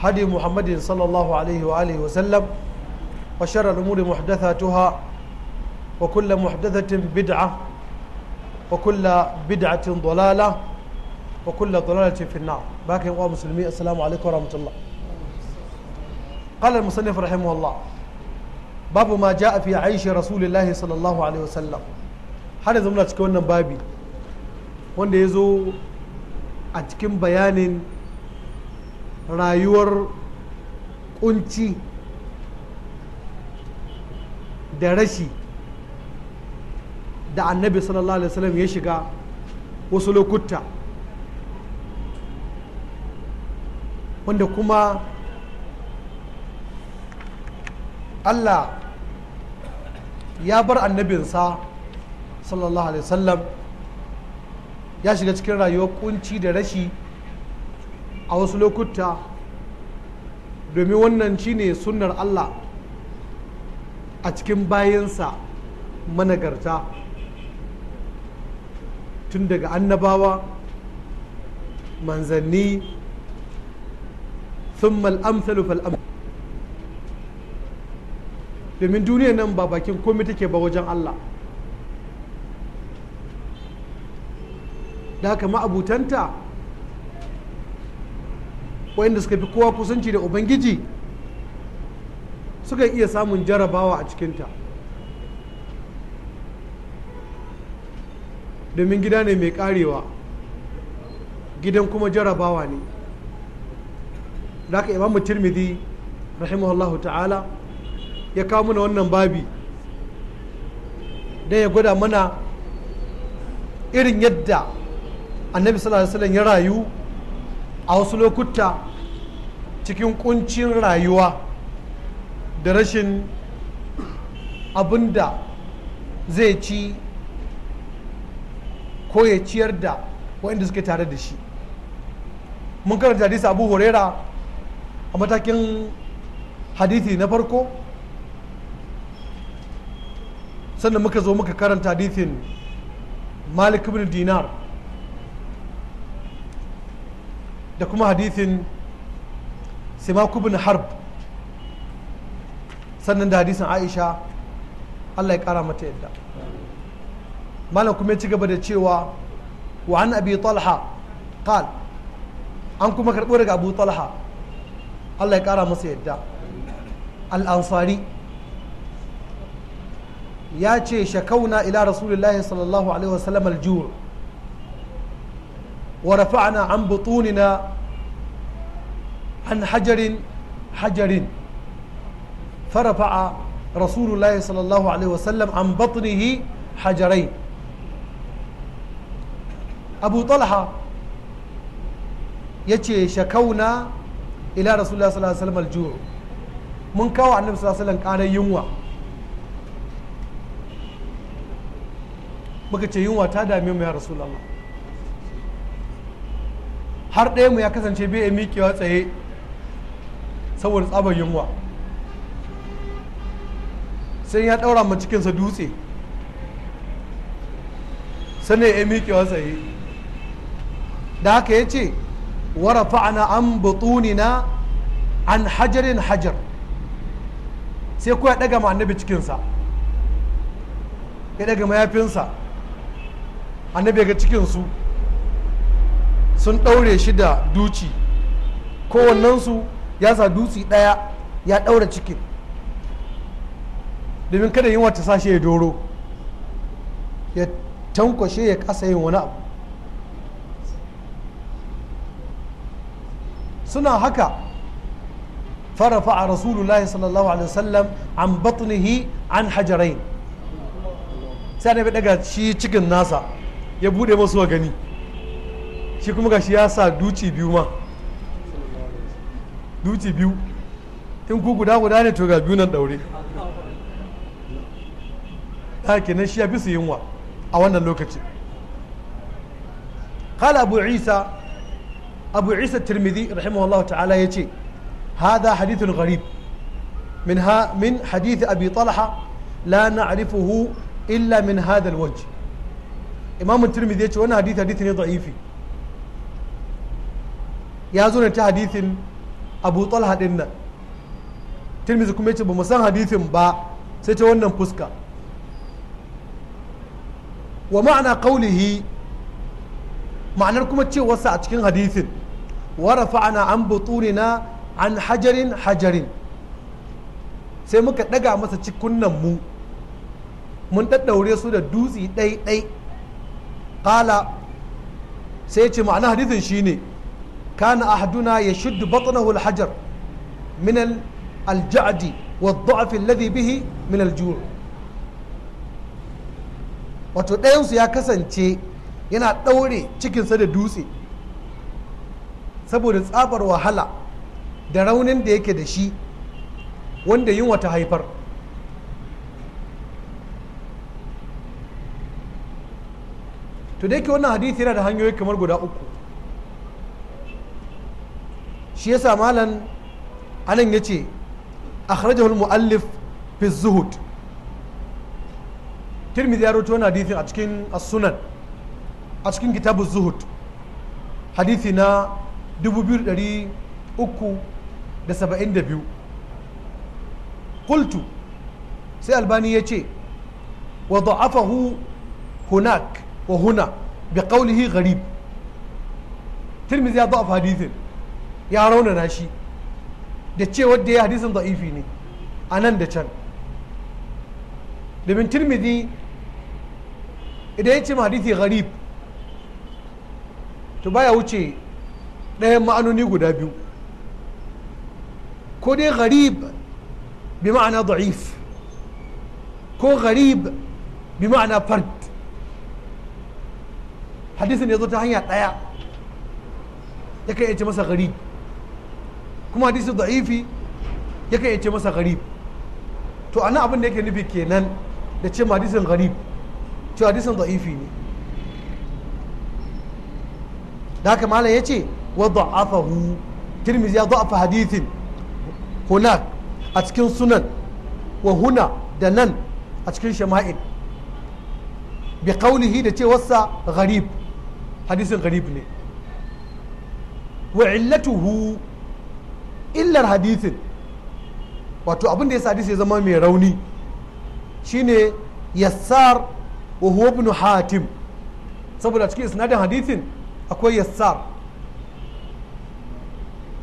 هدي محمد صلى الله عليه وآله وسلم وشر الأمور محدثاتها وكل محدثة بدعة وكل بدعة ضلالة وكل ضلالة في النار باقي ومسلمين السلام عليكم ورحمة الله قال المصنف رحمه الله باب ما جاء في عيش رسول الله صلى الله عليه وسلم har yanzu muna cikin wannan babi wanda ya zo a cikin bayanin rayuwar kunci da rashi da annabi sallallahu alaihi wasallam ya shiga wasu lokuta wanda kuma allah ya bar annabinsa sallallahu alaihi wasallam ya shiga cikin rayuwar kunci da rashi a wasu lokuta domin wannan shine sunnar Allah a cikin bayansa managarta tun daga annabawa manzanni sun الأمثل فالأمثل domin duniya nan ba bakin komai take ba wajen Allah da haka ma'abutanta waɗanda suka fi kowa kusanci da ubangiji suka iya samun jarabawa a cikinta domin gida ne mai karewa gidan kuma jarabawa ne da aka imamu tirmidhi rahimahullahu ta'ala ya kawo mana wannan babi don ya gwada mana irin yadda annabi sallallahu alaihi wasallam ya rayu a wasu lokuta cikin kuncin rayuwa da rashin abin da zai ci ko ya ciyar da waɗanda suke tare da shi mun karanta hadisi abu horera a matakin hadisi na farko sannan muka zo muka karanta hadisin malik ibn dinar da kuma hadisin. simak kubin harb sannan da hadisin aisha allah ya kara mata yadda malam kuma ya ci gaba da cewa wa an abi talha qal an kuma karɓo daga abu talha allah ya kara masa yadda al-ansari ya ce shakauna ila rasulullahi sallallahu alaihi wasallam al-jur wa rafa'na an butunina an hajarin hajarin فرفع رسول الله صلى الله عليه وسلم عن بطنه حجرين أبو طلحة يتي شكونا إلى رسول الله صلى الله عليه وسلم الجوع من كوى النبي صلى الله عليه وسلم كان ينوى muka ce yunwa ta dame mu ya rasulallah har ɗaya mu ya kasance bai miƙewa tsaye saboda tsabar yunwa sai ya ɗaura ma cikinsa dutse sani ya wa tsaye da haka ya ce ana an na an hajarin hajar sai kuwa ya ɗaga ma annabi cikinsa ya daga mayafinsa annabi ga cikinsu sun ɗaure shi da duci kowannensu ya sa dutsi ɗaya ya ɗaura cikin domin kada yin wata sashe ya doro ya tankwashe ya kasa yin wani abu suna haka farafa a rasulullahi sallallahu alaihi wasallam an batnihi an hajarain sai na daga shi cikin nasa ya bude masu wa gani shi kuma shi ya sa duci biyu ma duci biyu in ku guda guda ne to ga biyu nan daure ta kenan shi ya fi su yunwa a wannan lokacin kala abu isa abu isa tirmidhi rahimahullahu ta'ala ya ce hada hadithun min ha min hadith abi talha la na'rifuhu illa min hadha alwajh imam tirmidhi ya ce wannan hadith hadith ya zo ne ta abu talha din nan tirmizi kuma ce ba mu san hadithin ba sai ta wannan fuska wa ma'ana qawlihi ma'anar kuma ce cewarsa a cikin hadithin wa rafa'ana an butunina an hajarin hajarin sai muka ɗaga masa cikunnan mu mun daddaure su da dutsi ɗai ɗai ƙala sai ce ma'ana hadithin shine كان أحدنا يشد بطنه الحجر من الجعد والضعف الذي به من الجوع wato ɗayansu ya kasance yana ɗaure cikinsa da dutse saboda tsabar wahala da raunin da yake da shi wanda yunwa ta haifar to da yake wannan hadisi yana da hanyoyi kamar guda uku shi yasa malam anan ya ce akhrajahu muallif fi zuhud tirmidhi ya rawaito wannan hadithin a cikin sunan a cikin kitabu zuhud hadithi na 2372 kultu sai albani ya ce wa da'afahu hunak wa huna bi qawlihi gharib tirmidhi ya da'af hadithin ya raunana shi da cewar da ya hadisin zaifi ne a nan da can domin tirmidhi idan ya ce ma hadithi gharib to baya wuce ɗayan ma'anoni guda biyu ko dai gharib bi ma'ana ko gharib bi ma'ana fard hadisin ya zo ta hanya ɗaya ya kai ya ce masa gharib kuma hadisi da'ifi yakan iya ce masa gharib to anan abin da yake nufi kenan da ce ma hadisin gharib to hadisin da'ifi ne da haka malam ya ce wa da'afahu tirmizi ya da'afa hadithin huna a cikin sunan wa huna da nan a cikin shama'in bi qawlihi da cewarsa gharib hadisin gharib ne wa illatuhu illar hadithin wato abin da ya sa hadisi ya zama mai rauni shine yassar wa huwa ibn hatim saboda cikin isnadin hadithin akwai yassar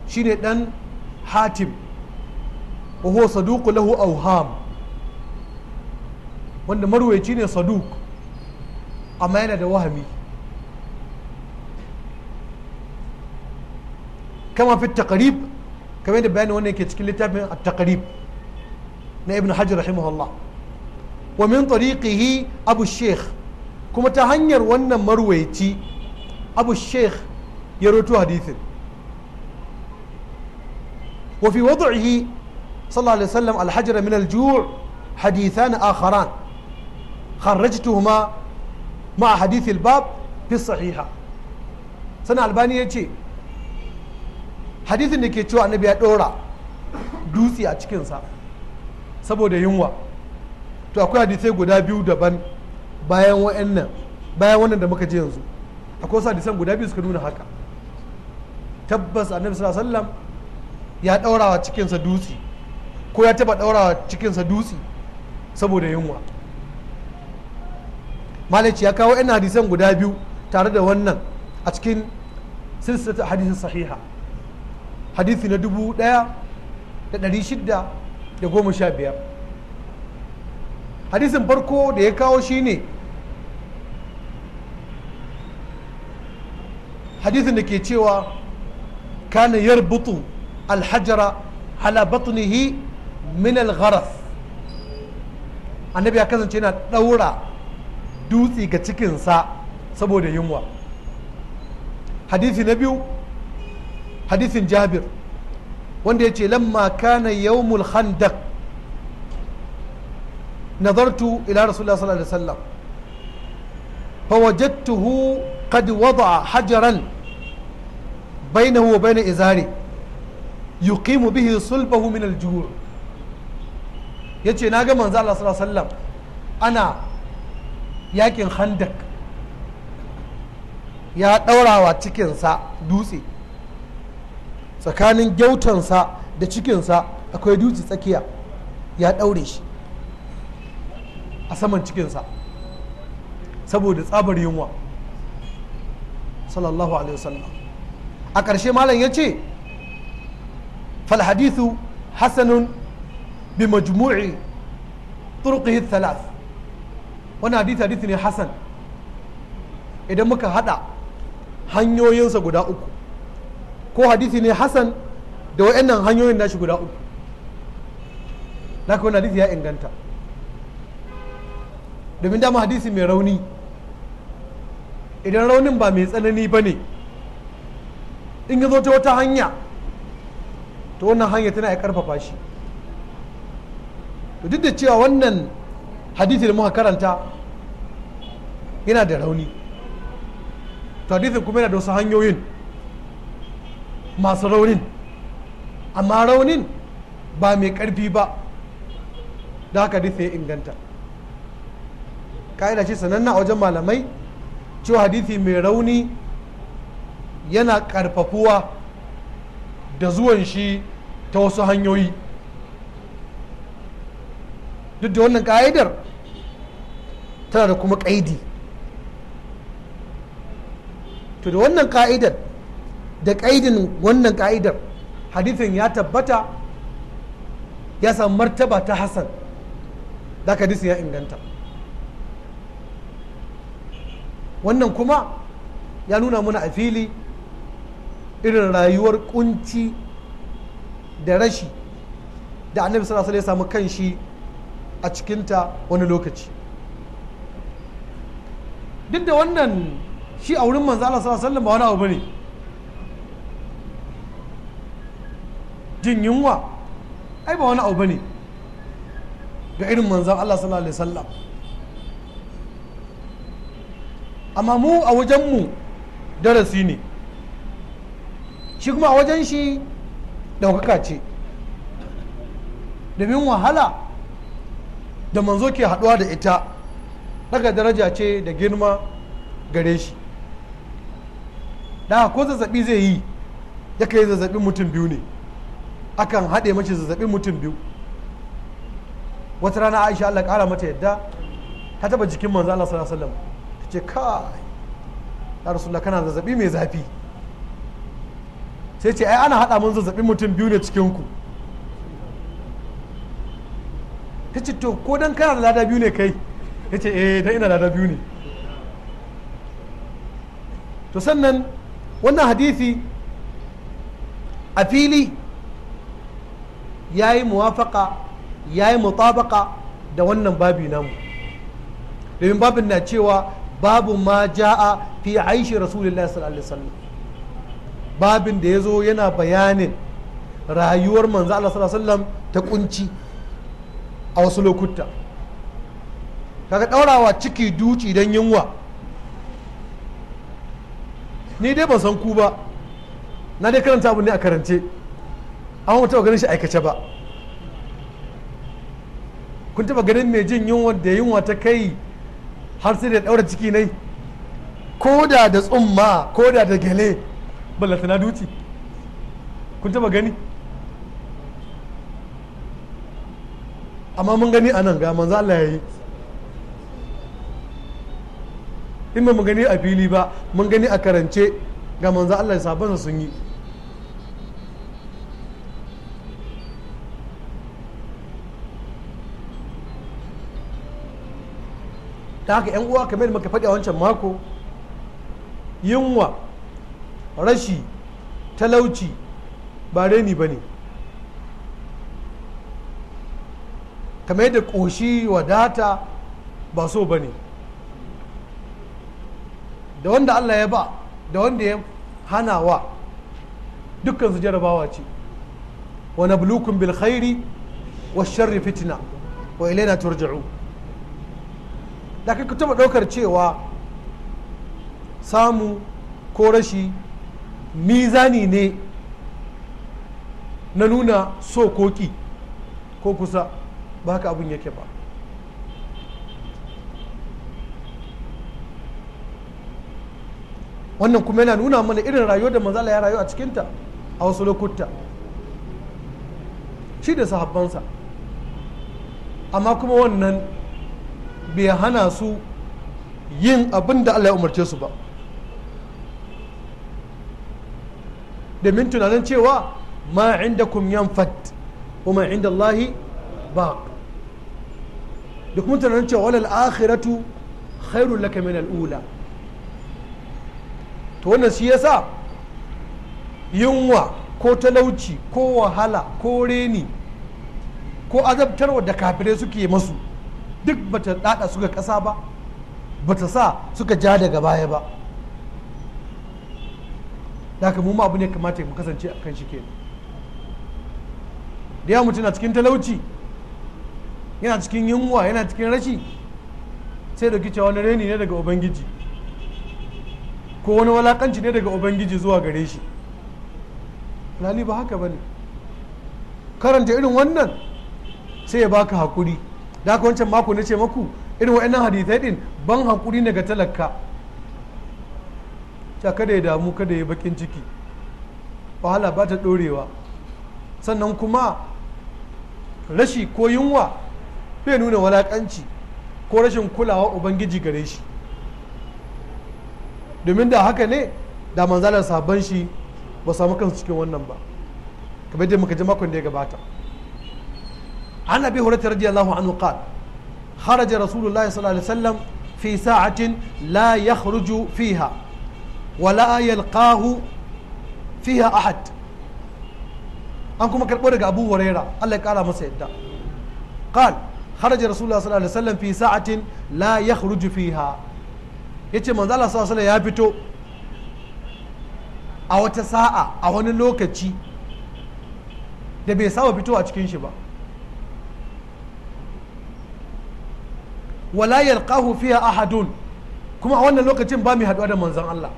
shine dan hatim wa huwa saduq lahu awham wanda marwayaci ne Saduk, amma yana da wahami kama fi taqrib kamar da bayanin wannan ke cikin littafin at-taqrib na ibn hajar rahimahullah wa min tariqihi abu sheikh kuma ta hanyar wannan marwayaci abu sheikh ya roto hadithin wa fi wad'ihi sallallahu alaihi wasallam al-hajra min al-ju' hadithan akharan kharrajtuhuma ma'a hadith al-bab fi sahiha sana albani yace hadisin da ke cewa annabi ya ɗora dutse a cikinsa saboda yunwa to akwai hadisai guda biyu daban bayan wa'annan bayan wannan da muka ji yanzu akwai wasu hadisan guda biyu suka nuna haka tabbas annabi sallallahu alaihi wasallam ya ɗaurawa cikinsa dutse ko ya taɓa ɗaurawa cikinsa dutse saboda yunwa malaci ya kawo 'yan hadisan guda biyu tare da wannan a cikin silsilata hadisin sahiha hadisi na dubu ɗaya da ɗari shida da goma sha biyar hadisin farko da ya kawo shi ne hadisin da ke cewa kana yarbutu alhajara ala batnihi min algharas annabi ya kasance yana ɗaura dutse ga cikinsa saboda yunwa hadisi na biyu hadisin jabir wanda ya ce lamma kana yawmul khandaq nazartu ila rasulullah sallallahu alaihi wasallam فوجدته قد وضع حجرا بينه وبين إزاره يقيم به صلبه من الجوع yace na ga manzo Allah sallallahu alaihi wasallam ana yakin handak ya daurawa cikinsa dutse tsakanin gyautansa da cikinsa akwai dutse tsakiya ya ɗaure shi a saman cikinsa saboda tsabar yunwa sallallahu alaihi wasallam a ƙarshe malam ya ce falhadithu hasanun bi majmu'i turqihi thalath wani hadith hadith ne hasan idan muka hada hanyoyinsa guda uku ko hadisi ne hasan da wayannan hanyoyin nashi guda uku na wani hadisi ya inganta domin dama hadisi mai rauni idan raunin ba mai tsanani ba ne in ya zo ta wata hanya ta wannan hanya tana ya karfafa shi duk da cewa wannan hadisi da muka karanta yana da rauni to hadisin kuma yana da wasu hanyoyin masu raunin amma raunin ba mai karfi ba da haka dutse ya inganta ka'ida ce sananna a wajen malamai cewa hadisi mai rauni yana ƙarfafuwa da zuwan shi ta wasu hanyoyi duk da wannan ka'idar tana da kuma ƙaidi to da wannan ƙa'idar da ƙaidin wannan ƙa'idar hadithin ya tabbata ya samu martaba ta hassan da hadisin ya inganta wannan kuma ya nuna mana a fili irin rayuwar kunci da rashi da annabi sallallahu alaihi samu kanshi a cikinta wani lokaci duk da wannan shi a wurin manzo Allah sallallahu alaihi wasallam ba wani abu bane jin yunwa ai ba wani abu bane ga irin manzan Allah sallallahu alaihi wasallam amma mu a wajenmu darasi ne shi kuma a wajen shi ɗaukaka ce domin wahala da manzo ke haɗuwa da ita daga daraja ce da girma gare shi da ko zazzaɓi zai yi ya kai zazzabi mutum biyu ne akan haɗe mace zazzaɓin mutum biyu wata rana aisha allah ƙara mata yadda ta taba jikin manzo allah sallallahu alaihi wasallam ta ce kai ya rasulullah kana zazzaɓi mai zafi sai ce ai ana haɗa mun zazzaɓin mutum biyu ne cikin ku ta ce to ko dan kana da lada biyu ne kai ya ce eh dan ina lada biyu ne to sannan wannan hadisi a fili ya yi muwafaka ya yi mutabaka da wannan babi namu domin babin na cewa babu ma ja'a fi aishi rasulullahi sallallahu alaihi babin da ya zo yana bayanin rayuwar manzo Allah sallallahu alaihi wasallam ta kunci a wasu lokuta kaga daurawa ciki duci dan yunwa ni dai ban san ku ba na dai karanta abu ne a karance an wata ganin shi aikace ba kun taba ganin mai jin yunwa da yunwa ta kai har sai da daura ciki nai ko da da tsumma ko da da gele ballata na duci kun taba gani amma mun gani a nan ga manzo Allah yayi in ba mu gani a fili ba mun gani a karance ga manzo Allah sabon sun yi da haka yan uwa kamar maka faɗi a wancan mako yunwa rashi talauci ba reni ba ne kamar yadda ƙoshi wadata ba so ba ne da wanda allah ya ba da wanda ya hana wa dukkan su jarabawa ce wa nablukum bil khairi wa sharri fitina wa ilaina turja'u da ku taba ɗaukar cewa samu ko rashi mizani ne na nuna so koki ki ko kusa ba haka abin yake ba wannan kuma yana nuna mana irin rayuwa da manzala ya rayu a cikinta a wasu lokuta shi da sahabbansa amma kuma wannan bai hana su yin abin da Allah ya umarce su ba domin tunanin cewa ma inda kum fat kuma ma inda Allahi ba da kuma tunanin cewa wani al'akhiratu khairul laka min al'ula to wannan shi yasa yunwa ko talauci ko wahala ko reni ko azabtarwa da kafirai suke masu duk bata dada suka kasa ba bata sa suka ja daga baya ba da mu ma abu ne kamata mu kasance a kan shi ke da yawa mutum na cikin talauci yana cikin yunwa yana cikin rashi sai da cewa wani reni ne daga ubangiji ko wani walakanci ne daga ubangiji zuwa gare shi lali ba haka ba ne karanta irin wannan sai ya baka hakuri da haka wancan mako na ce maku irin wa'annan hadithai din ban haƙuri ne ga talaka ta kada ya damu kada ya bakin ciki wahala ba ta ɗorewa sannan kuma rashi ko yunwa bai nuna walakanci ko rashin kulawa ubangiji gare shi domin da haka ne da manzalar sabon shi ba samu kansu cikin wannan ba kamar yadda muka ji makon da ya gabata عن أبي هريرة رضي الله عنه قال خرج رسول الله صلى الله عليه وسلم في ساعة لا يخرج فيها ولا يلقاه فيها أحد أنكم كربورة أبو هريرة الله قال ما سيدا قال خرج رسول الله صلى الله عليه وسلم في ساعة لا يخرج فيها yace manzo Allah sallallahu alaihi ya fito a wata sa'a a wani lokaci da bai saba fito a cikin shi ba wala yalqahu fiha ahadun kuma a wannan lokacin ba mu haɗuwa da manzon Allah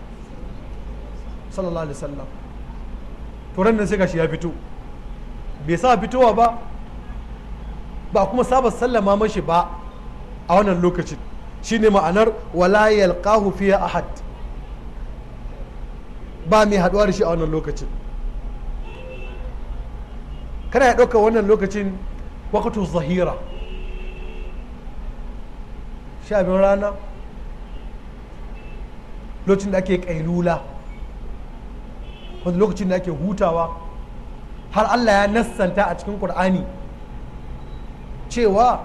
sallallahu alaihi wasallam to ran nan sai gashi ya fito bai sa fitowa ba ba kuma saba sallama mashi ba a wannan lokacin shine ma'anar wala yalqahu fiha ahad ba mai haɗuwa da shi a wannan lokacin kana ya ɗauka wannan lokacin wakatu zahira shi abin rana lokacin da ake kailula wanda lokacin da ake hutawa har allah ya nassanta a cikin ƙur'ani cewa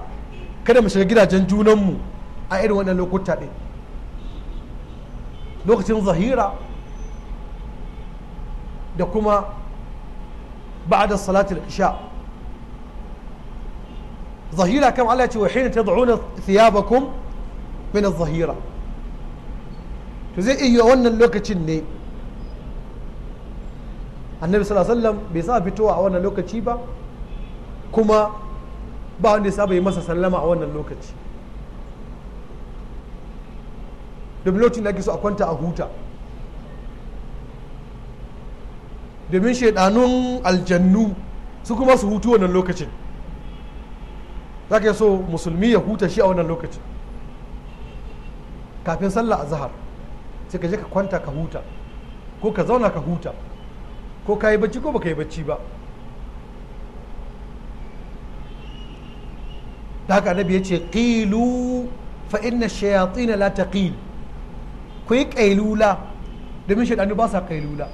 kada mu shiga gidajen junanmu a irin wannan lokuta ɗin lokacin zahira da kuma ba'da salatul isha zahira kam Allah ce wa hina tad'una thiyabakum min zahira to zai iya wannan lokacin ne annabi sallallahu bai sa fitowa a wannan lokaci ba kuma ba wanda ya saba yi masa sallama a wannan lokaci lokacin da ake so a kwanta a huta domin shaidanun aljannu su kuma su hutu wannan lokacin za ka so musulmi ya huta shi a wannan lokacin kafin sallah azhar sai ka je ka kwanta ka huta ko ka zauna ka huta ko ka yi bacci ko baka yi bacci ba da haka annabi ya ce ƙilu fa inna shayatin la taqil ku yi ƙailula domin shaidanu ba sa ƙailula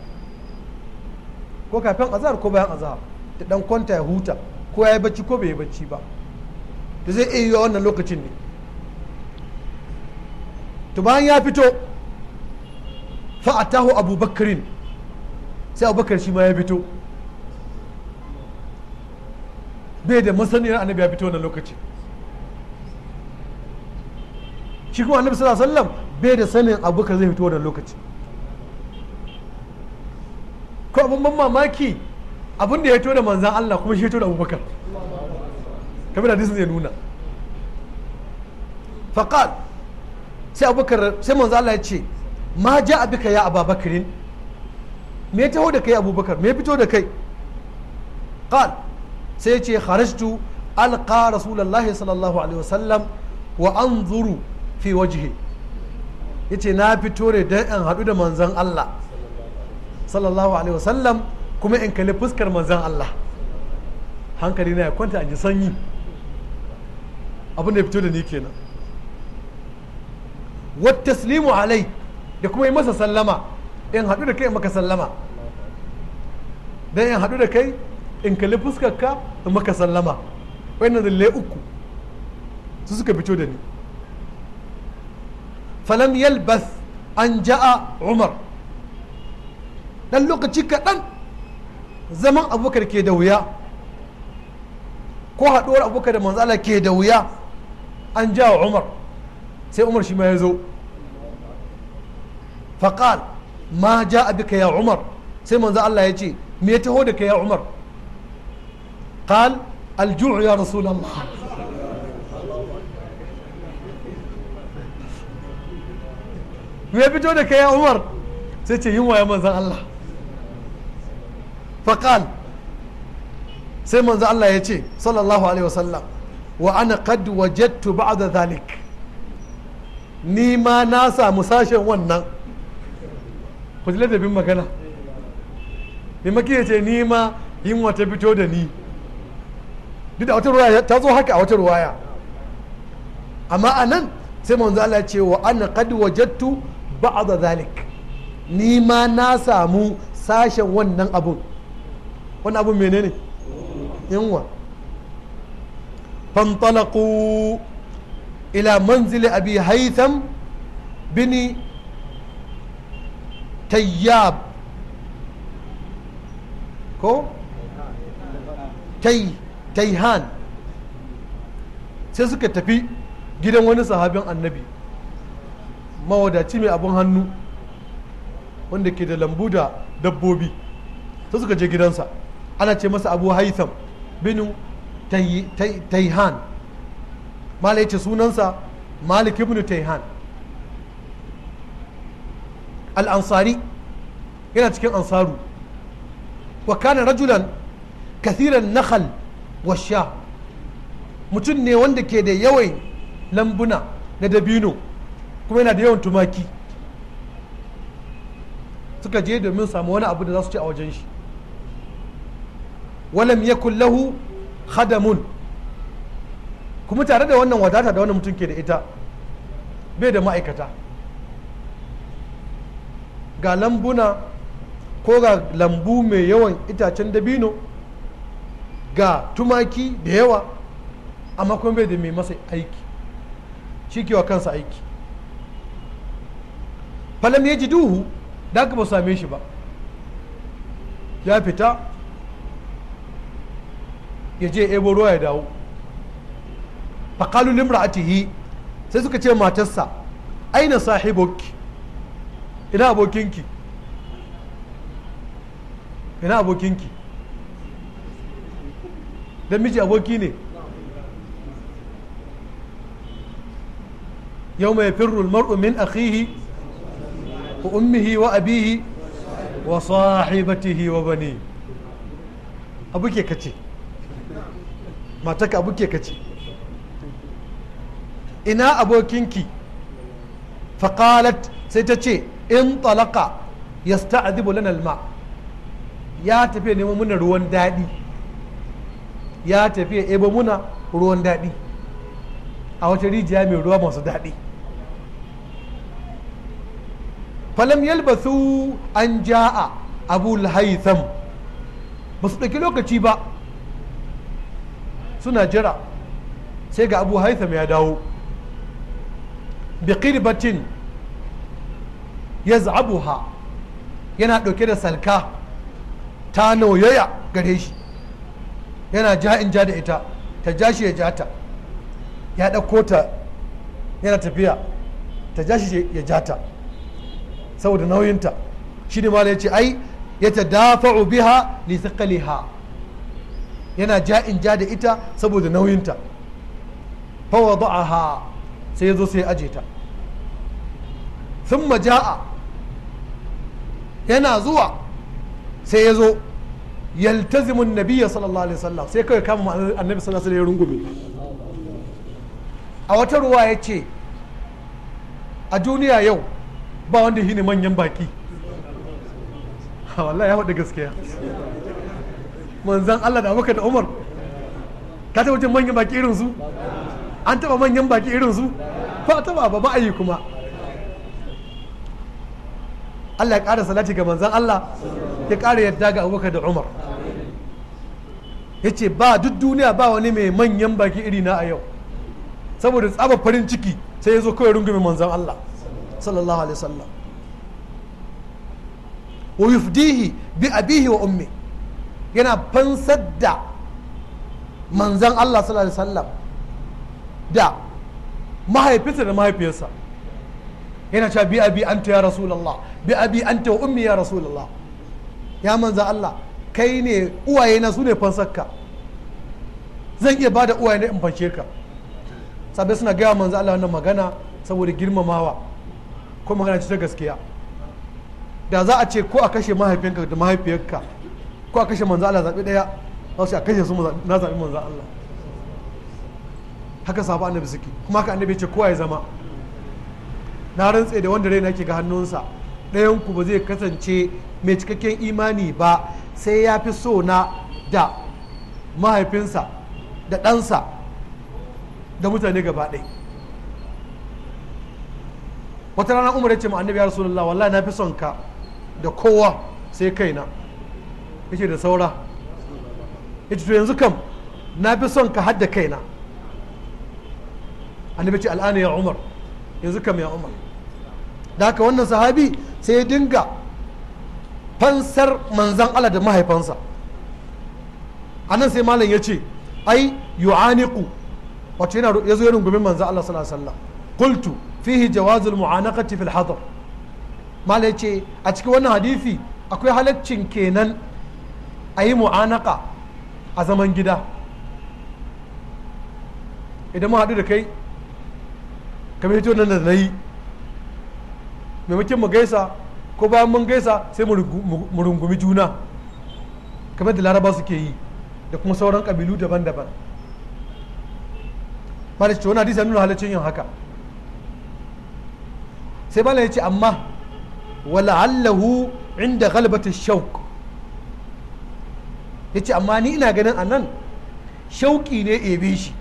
ko kafin azhar ko bayan azhar da dan kwanta ya huta ko ya yi bacci ko bai yi bacci ba da zai iya wannan lokacin ne to bayan ya fito taho abubakarin sai abubakar shi ma ya fito bai da masaniyar annabi ya fito wannan lokaci shi kuma annabi sallallahu alaihi wasallam bai da sanin abubakar zai fito wannan lokaci ko abin ban mamaki abin da ya fito da manzan Allah kuma shi ya fito da abubakar kamar da disney ya nuna faqal sai abubakar sai manzo Allah ya ce ma ja abika ya ababakarin me taho da kai abubakar me fito da kai qal sai ya ce kharajtu alqa rasulullahi sallallahu alaihi wasallam wa anzuru fi wajhi yace na fito ne dan in hadu da manzon Allah sallallahu alaihi wasallam kuma in kalli fuskar manzon Allah hankali na ya kwanta a ji sanyi abin da ya fito da ni kenan wat taslimu alai da kuma yi masa sallama in haɗu da kai maka sallama dan in haɗu da kai in kalli fuskar ka in maka sallama wannan da uku su suka fito da ni falam yalbas an ja'a umar dan lokaci kaɗan zaman abubakar ke da wuya ko haɗuwar abubakar da manzala ke da wuya an ja'a umar sai umar shi ma ya zo faƙal ma ja abika ya umar sai manzo Allah ya ce me ya taho da ka ya umar ƙal alju'u ya rasulallah me ya fito da ka ya umar sai ce yunwa ya manzan Allah faƙal sai manzo Allah ya ce sallallahu alaihi wasallam wa ana qad wajadtu ba'da dhalik ni ma na samu sashen wannan ku ji bin magana ni ya ce ni ma yin wata fito da ni duk da wata ruwaya ta zo haka a wata ruwaya amma a nan sai manzo Allah ce wa ana qad wajadtu da zalik ni ma na samu sashen wannan abun wannan abun menene yunwa fantalaqu ila manzili abi haitham bini tayyab ko taihan sai suka tafi gidan wani sahabin annabi mawadaci mai abun hannu wanda ke da lambu da dabbobi sai suka je gidansa ana ce masa abu haitan binu taihan malai ce sunansa malik ibn taihan al-ansari yana cikin ansaru wa kana rajulan kathiran nakhal wa sha mutum ne wanda ke da yawai lambuna na dabino kuma yana da yawan tumaki suka je domin samu wani abu da za su ci a wajen shi walam yakun lahu khadamun kuma tare da wannan wadata da wannan mutum ke da ita bai da ma'aikata ga lambuna ko ga lambu mai yawan itacen dabino ga tumaki da yawa amma kuma bai da mai masa aiki shi kewa kansa aiki falam ya ji duhu da ba same shi ba ya fita ya je ebo ruwa ya dawo faqalu limra'atihi sai suka ce matarsa aina sahibuki ina abokinki ina abokinki dan miji aboki ne yau mai firru mar'u min akhihi wa ummihi wa abihi wa sahibatihi wa bani abu ke kace mataka abu ke kace ina abokinki faƙalat sai ta ce in talaka ya sta'adibu alma ya tafiya neman muna ruwan daɗi ya tafiya ebo muna ruwan daɗi a wata rijiya mai ruwa masu daɗi falam yalbasu an ja'a abu haitham ba su ɗauki lokaci ba suna jira sai ga abu haitham ya dawo biqirbatin yaz'abuha yana ɗauke da salka ta noyoya gare shi yana ja in ja da ita ta ja shi ya ja ta ya ɗauko ta yana tafiya ta ja shi ya ja ta saboda nauyinta shi ne ya ce ai ya ta dafa'u biha li thaqaliha yana ja in ja da ita saboda nauyinta fa wada'aha sai ya zo sai ya aje ta sun maja'a yana zuwa sai ya zo yaltazimun nabiya sallallahu alaihi wasallam sai kawai kama annabi sallallahu alaihi rungume a wata ruwa ya ce a duniya yau ba wanda shi ne manyan baki wallahi ya faɗi gaskiya manzan allah da abubakar da umar ka taɓa manyan baki irinsu an taba manyan baki irin su ba taba ba ba yi kuma Allah ya ƙara salati ga manzan Allah ya ƙara yadda ga abubakar da umar ya ce ba duk duniya ba wani mai manyan baki iri na a yau saboda tsaba farin ciki sai ya zo kawai rungume manzan Allah sallallahu alaihi wasallam wa yufdihi bi abihi wa ummi yana fansar da manzan Allah sallallahu alaihi wasallam da mahaifinsa da mahaifiyarsa yana cewa bi abi ta ya rasulullah bi abi an wa ummi ya rasulullah ya manza Allah kai ne uwaye na su ne fansarka zan iya bada uwaye na in fanshe ka sabai suna gaya manza Allah wannan magana saboda girmamawa ko magana ce ta gaskiya da za a ce ko a kashe mahaifinka da mahaifiyarka ko a kashe manza Allah zaɓi ɗaya za su a kashe su na zaɓi manza Allah haka sabu annabi suke kuma haka annabi ce kowa ya zama na rantse da wanda raina ke ga hannunsa ɗayan ba zai kasance mai cikakken imani ba sai ya fi so na da mahaifinsa da ɗansa da mutane gaba ɗai wata rana umar ya ce ma annabi ya rasulullah wallahi na fi son ka da kowa sai kaina yace da saura yace to yanzu kam na fi son ka hadda kaina annabi ce al'ana ya umar yanzu kam ya umar da haka wannan sahabi sai ya dinga fansar manzan Allah da mahaifansa a nan sai malam ya ce ai yu'aniku wato yana ya zo ya rungumi manzan Allah sallallahu alaihi wasallam qultu fihi jawazul mu'anaqati fil hadar malam ya ce a cikin wannan hadisi akwai halaccin kenan a yi mu'anaka a zaman gida idan mu haɗu da kai kamar hito nan da na yi maimakon mu gaisa ko bayan mun gaisa sai mu rungumi juna kamar da laraba suke yi da kuma sauran kabilu daban-daban bada ce wani hadisi nuna halaccin yin haka sai bala ya ce amma wala'allahu inda galibata shauk ya ce amma ni ina ganin anan nan shauƙi ne ebe shi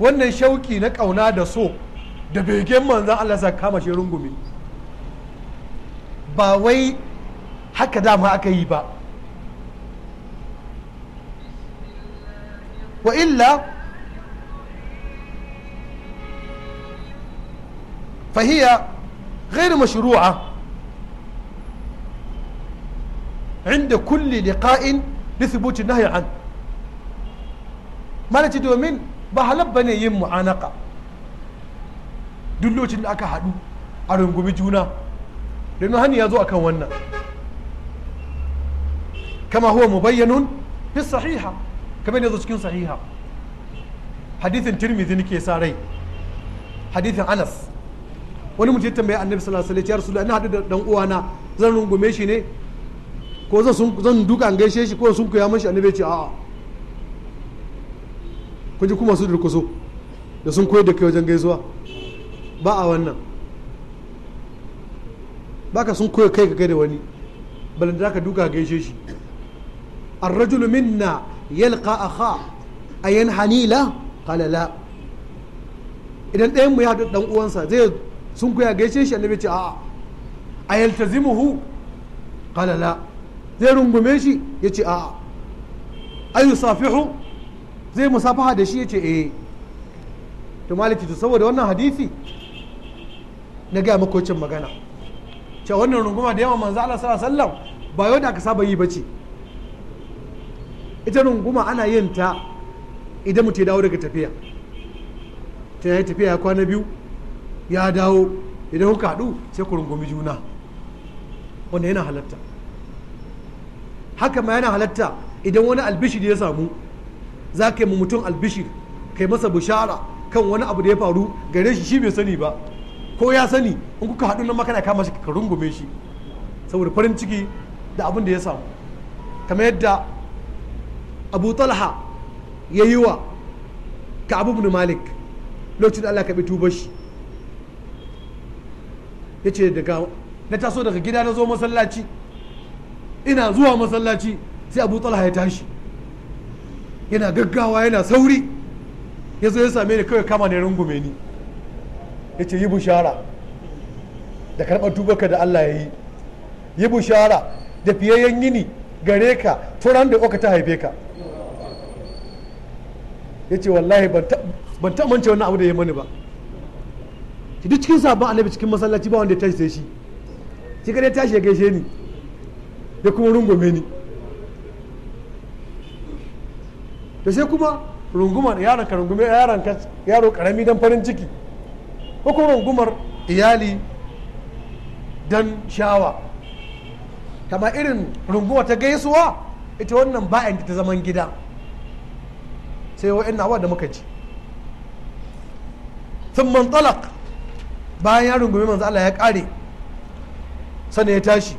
wannan shauki na kauna da so da begen manzan Allah sa kama shi rungumi ba wai haka dama aka yi ba wa illa فهي غير مشروعة عند كل لقاء لثبوت النهي عنه ما نتدو من ba halar ba ne yin mu'anaka duk lokacin da aka haɗu a rungumi juna domin hannu ya zo a kan wannan kama huwa mubayyanun fi sahiha kamar ne zo cikin sahiha hadithin tirmidhi nake sa rai hadithin anas wani mutum ya tambaya annabi sallallahu alaihi wasallam ya ina da dan uwana zan rungume shi ne ko zan duka an gaishe shi ko sun kuya mashi annabi ya ce a'a kun ji kuma su durkuso da sun koyar da kai wajen gaisuwa ba a wannan baka sun koyar kai ka kai da wani balanta za ka duka gaishe shi الرجل منا يلقى أخاه أينحني له قال لا idan ɗayan mu ya haɗu ɗan uwansa zai sun kuya gaishe shi annabi ce a'a a yaltazimuhu qala la zai rungume shi ya ce a'a ay yusafihu zai musafaha da shi ya ce eh to maliki to saboda wannan hadisi na gaya makocin magana cewa wannan runguma da yawan manzo Allah sallallahu alaihi wasallam ba yau da aka saba yi bace ita runguma ana yin ta idan mutum ya dawo daga tafiya ta yi tafiya ya kwana biyu ya dawo idan kuka haɗu sai ku rungumi juna wanda yana halatta haka ma yana halatta idan wani albishi da ya samu za ka yi mu mutum albishir kai masa bishara kan wani abu da ya faru gare shi shi bai sani ba ko ya sani in kuka haɗu nan makana kama shi ka rungume shi saboda farin ciki da abin da ya samu kamar yadda abu talha ya yi wa ka abu bin malik lokacin da allah bi tuba shi ya ce daga na taso daga gida na zo masallaci ina zuwa masallaci sai abu talha ya tashi yana gaggawa yana sauri ya zo ya same ni kawai kama ne rungume ni ya ce yi bushara da karɓar tubarka da Allah ya yi yi bushara da fiyayyen yini gare ka turan da oka ta haife ka ya ce wallahi ban ta mance wannan abu da ya mani ba shi duk cikin sabon annabi cikin masallaci ba wanda ya tashi sai shi shi kare tashi ya gaishe ni ya kuma rungume ni da sai kuma rungumar yaron ka rungume yaron ka yaro karami dan farin ciki ko rungumar iyali don shawa kama irin runguma ta gaisuwa ita wannan bayan ta zaman gida sai ina wa da muka ci sun mantalak bayan ya rungumi manzo Allah ya kare sannan ya tashi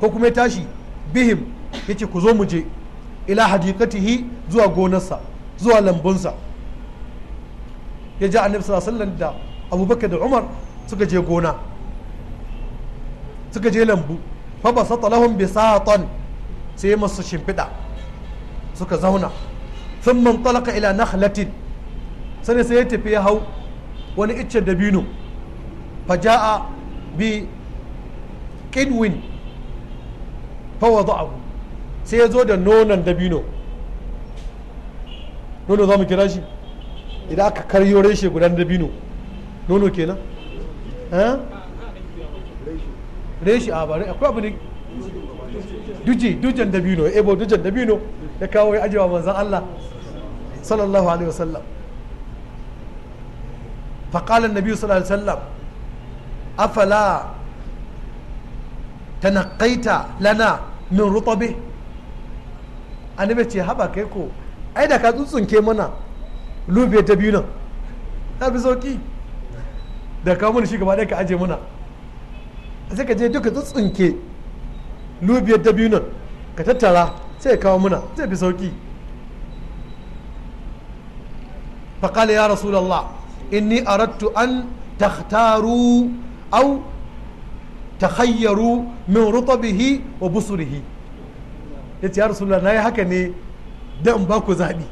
ko kuma ya tashi bihim ya ce ku zo mu je ila hadiqatihi zuwa gonarsa zuwa lambunsa ya ji annabi sallallahu alaihi wasallam da abubakar da umar suka je gona suka je lambu fa basata lahum bisatan sai masu shimfiɗa suka zauna sun man talaka ila nakhlatin sani sai ya tafi ya hau wani icce dabino faja'a bi kidwin fa wada'ahu sai ya zo da nonon dabino nono za mu kira shi idan aka karyo reshe gudan dabino nono kenan eh? reshe a bari akwai abu ne duji dujan dabino ebo dujan dabino Ya kawo ya ajiyewa manzan Allah sallallahu alaihi wasallam فقال النبي صلى الله عليه وسلم أفلا تنقيت لنا من رطبه annabi ce haba kai ko ai da ka tsuntsunke mana lubiyar ta biyu nan ta fi sauki da ka mun shi gaba ɗaya ka aje mana sai ka je duka tsuntsunke lubiyar ta biyu nan ka tattara sai ka kawo mana zai fi sauki faƙala ya rasulallah inni arattu an tahtaru au tahayyaru min rutabihi wa busurihi ya ce ya rasulullah na yi haka ne don ba ku zaɓi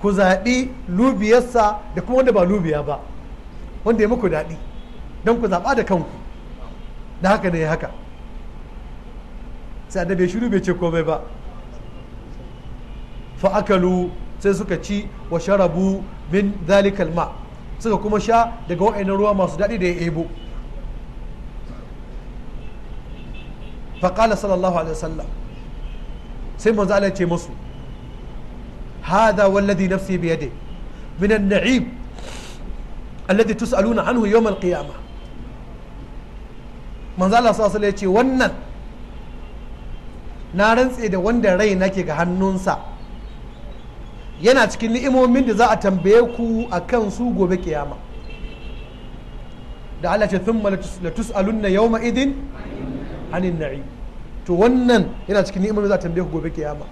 ku zaɓi lubiyarsa da kuma wanda ba lubiya ba wanda ya muku daɗi don ku zaɓa da kanku da haka ne ya haka sai annabi shiru bai ce komai ba fa'akalu sai suka ci wa sharabu min zalikal ma suka kuma sha daga wa'annan ruwa masu daɗi da ya ebo faƙala sallallahu alaihi wasallam sai manzo Allah ce musu hada walladhi nafsi bi yadi min an-na'im alladhi tus'aluna anhu yawm al qiyama manzo Allah sallallahu alaihi ce wannan na rantse da wanda rai nake ga hannunsa yana cikin ni'imomin da za a tambaye ku a kan su gobe kiyama da Allah ce thumma latus'alunna yawma idin anin na'im to wannan yana cikin ni'imar za a tambaye ku gobe kiyama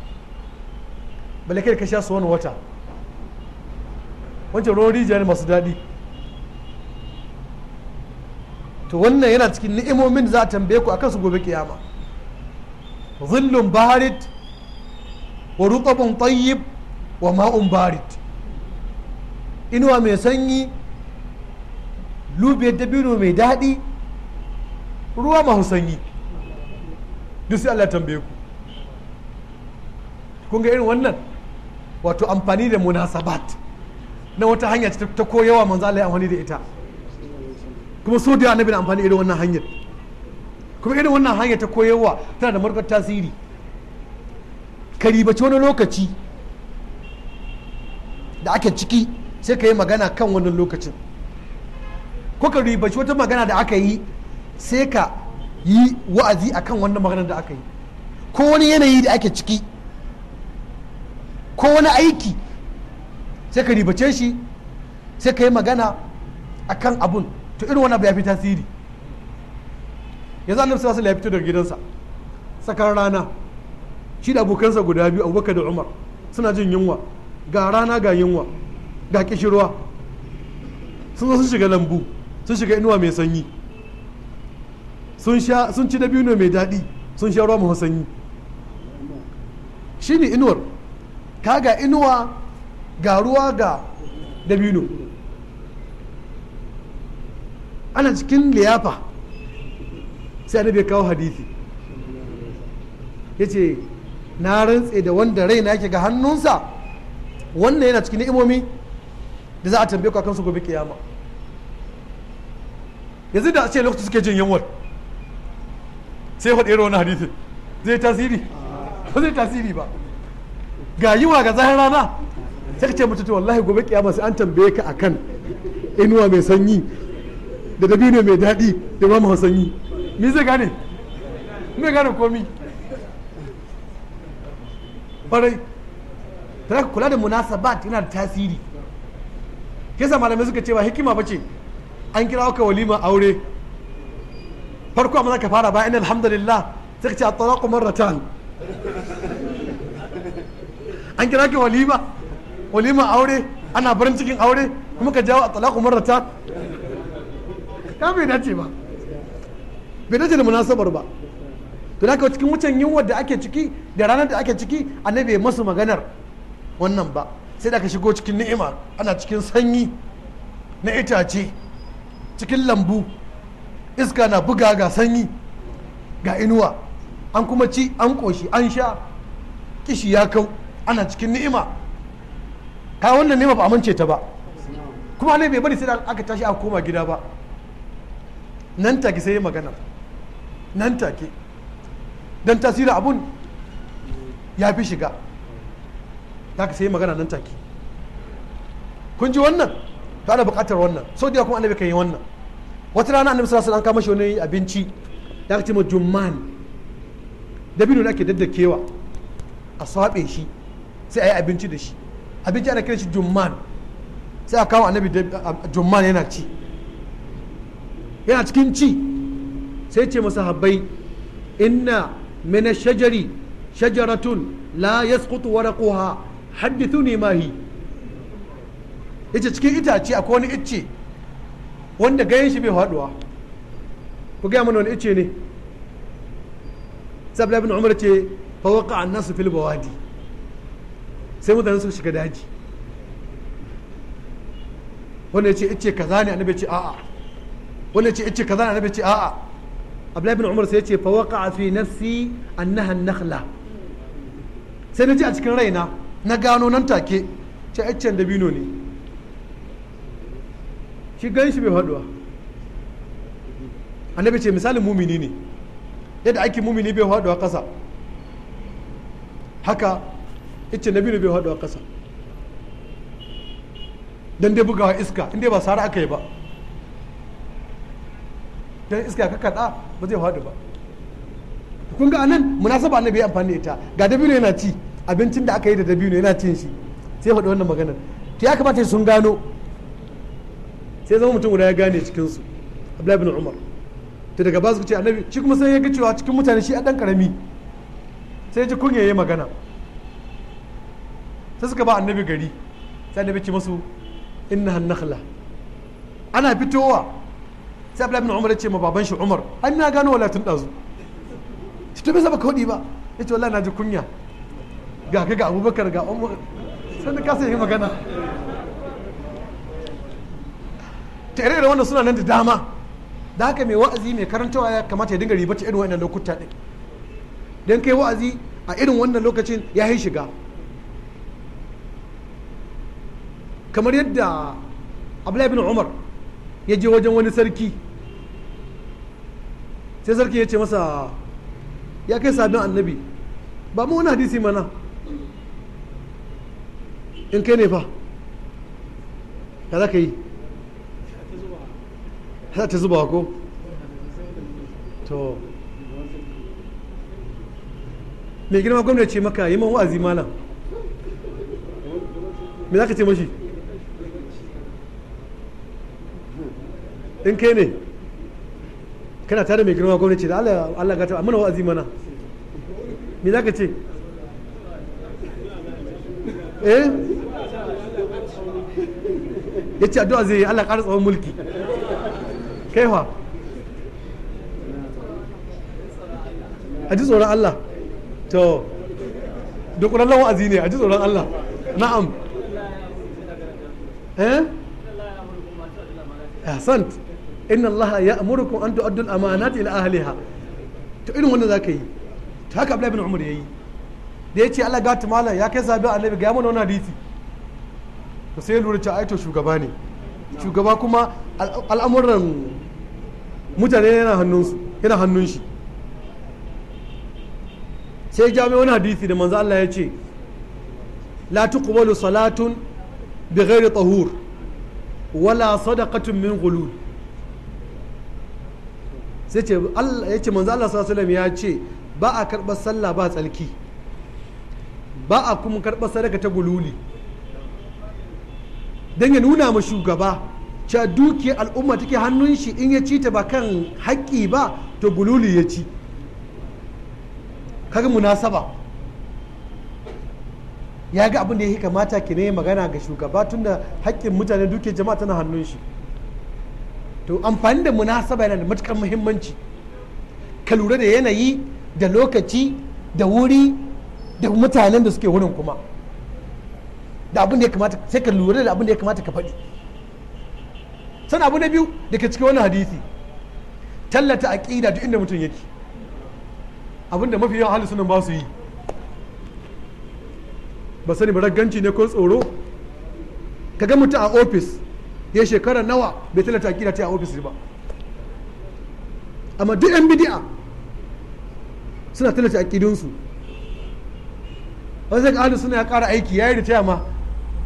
bale kai ka sha su wani wata wancan ruwan rijiya ne masu daɗi to wannan yana cikin ni'imomin za a tambaye ku akan su gobe kiyama zillun baharit wa rukabun tayyib wa ma'un barit inuwa mai sanyi lubiyar dabino mai daɗi ruwa mahu sanyi duk sai Allah tambaye ku kun ga irin wannan wato amfani da munasabat na wata hanya ta koyawa manzo Allah ya amfani da ita kuma so da annabi na amfani irin wannan hanyar kuma irin wannan hanya ta koyarwa tana da markar tasiri ka ribaci wani lokaci da ake ciki sai ka yi magana kan wannan lokacin ko ka ribaci wata magana da aka yi sai ka yi wa'azi a kan wannan maganar da aka yi ko wani yanayi da ake ciki ko wani aiki sai ka ribace shi sai ka yi magana a kan abun to irin wani abu ya fi tasiri yanzu annabi sallallahu ya fito daga gidansa sakar rana shi da abokansa guda biyu abubakar da umar suna jin yunwa ga rana ga yunwa ga kishirwa sun zo sun shiga lambu sun shiga inuwa mai sanyi sun sha sun ci dabino mai daɗi sun sha ruwa mahu sanyi ne inuwar ka ga inuwa ga ruwa ga dabino ana cikin liyafa sai annabi ya kawo hadithi ya ce na rantse da wanda raina yake ga hannunsa wannan yana cikin ni'imomi da za a tambaye ku akan su gobe kiyama yanzu da a ce lokacin suke jin yunwar sai faɗi irin wani hadisin zai tasiri ba zai tasiri ba ga yiwa ga zahar rana sai ka ce mutu wallahi gobe kiyama sai an tambaye ka akan inuwa mai sanyi da dabino mai daɗi da ba mu sanyi me zai gane me gane komi farai ta kula da munasabat yana da tasiri kesa malamai suka cewa hikima ba ce an kira ka walima aure farko amma ka fara bayan alhamdulillah sai ka ce at-talaqu marratan an kira ki walima walima aure ana barin cikin aure kuma ka jawo at-talaqu marratan ka bai dace ba bai dace da munasabar ba to da cikin wucin yunwar da ake ciki da ranar da ake ciki annabi ya masu maganar wannan ba sai da ka shigo cikin ni'ima ana cikin sanyi na itace cikin lambu iska na buga ga sanyi ga inuwa an kuma ci an ƙoshi an sha kishi ya kau ana cikin ni'ima ka wannan ni'ima ba a mance ta ba kuma ne bai bari sai da aka tashi aka koma gida ba nan take sai magana nan take don tasiri abun ya fi shiga za ka sai magana nan take kun ji wannan ba ana buƙatar wannan sau da kuma annabi kan yi wannan wata rana annabi sallallahu alaihi wasallam an kama wani abinci da ake cewa jumman dabino da ake daddakewa a sabe shi sai a yi abinci da shi abinci ana kira shi jumman sai a kawo annabi jumman yana ci yana cikin ci sai ce masa habbai inna mina shajari shajaratun la yasqutu waraquha hadithuni ma hi yace cikin itace akwai wani icce wanda gayen shi bai faduwa ku gaya mana wani ice ne sabla ibn umar ce fa waqa an nasu fil bawadi sai mutane suka shiga daji wanda ya ce ice kaza ne annabi ce a'a wanda ya ce ice kaza ne annabi ce a'a abdullahi ibn umar sai ya ce fa waqa fi nafsi annaha an-nakhla sai na ji a cikin raina na gano nan take ce iccen dabino ne shi gan shi bai faduwa annabi ce misalin mumini ne yadda ake mumini bai faduwa kasa haka ita na biyu bai faduwa kasa don dai bugawa iska inda ba sara aka yi ba don iska ka kada ba zai faɗi ba kun ga anan munasaba annabi ya amfani da ita ga dabino yana ci abincin da aka yi da dabino yana cin shi sai faɗi wannan maganar to ya kamata sun gano sai zama mutum guda ya gane cikin su abdullahi bin umar to daga ba su ce annabi shi kuma sai ya ga cewa cikin mutane shi a dan karami sai ji kunya yayi magana sai suka ba annabi gari sai annabi ce masu innaha nakhla ana fitowa sai abdullahi bin umar ya ce ma baban shi umar an na gano wala tun dazu shi to bai saba kodi ba yace wallahi na ji kunya ga ga abubakar ga umar sai ka sai yi magana tare da wanda suna nan da dama da haka mai wa'azi mai karantawa ya kamata ya dinga ta irin wannan lokuta din dan kai wa'azi a irin wannan lokacin ya yi shiga kamar yadda abdullahi bin umar ya je wajen wani sarki sai sarki ya ce masa ya kai sabon annabi ba mu wani hadisi mana in kai ne fa ka za ka yi za ta zuba ko to mai girma gwamnati ce maka yi man wa'azi malam me za ka ce mashi in kai ne kana tare mai girma gwamnati ce da Allah gata mana wa'azi mana me za ka ce eh ya ce addu'a zai yi Allah ƙara tsawon mulki kaiwa a ji tsoron Allah to da ƙurallan wa'azi ne a ji tsoron Allah na'am eh ahsant inna Allah ya amurukum an tu'addu al-amanat ila ahliha to irin wannan zaka yi to haka Abdullahi Umar yayi da yace Allah ga ta ya kai sabi annabi ga mana wannan hadisi to sai lura shugaba ne shugaba kuma al'amuran mutane yana hannun shi sai jami wani hadisi da manzo Allah ya ce la tuqbalu salatun bi ghairi tahur wala sadaqatun min ghulul sai ce Allah ya ce manzo Allah sallallahu alaihi wasallam ya ce ba a karba sallah ba tsalki ba a kuma karba sadaka ta gululi dan ya nuna ma shugaba Ca duki al'umma take hannun shi in ya ci ta ba kan haƙƙi ba to gululi ya ci kaga munasaba ya ga abin da ya kamata ki ne magana ga shugaba tunda haƙƙin mutane dukiyar jama'a tana hannun shi to amfani da munasaba yana da matukar muhimmanci ka lura da yanayi da lokaci da wuri da mutanen da suke wurin kuma da abin da ya kamata sai ka lura da abin da ya kamata ka faɗi san abu na biyu da ke cikin wani hadisi tallata aqida duk inda mutum yake abinda mafi yawan halin sunan ba su yi ba sani ba ragganci ne ko tsoro ka ga mutum a ofis ya shekara nawa bai tallata aqida ta a ofis ba amma duk yan bidi'a suna tallata aqidunsu wani sai ka halin suna ya kara aiki ya yayi ritaya ma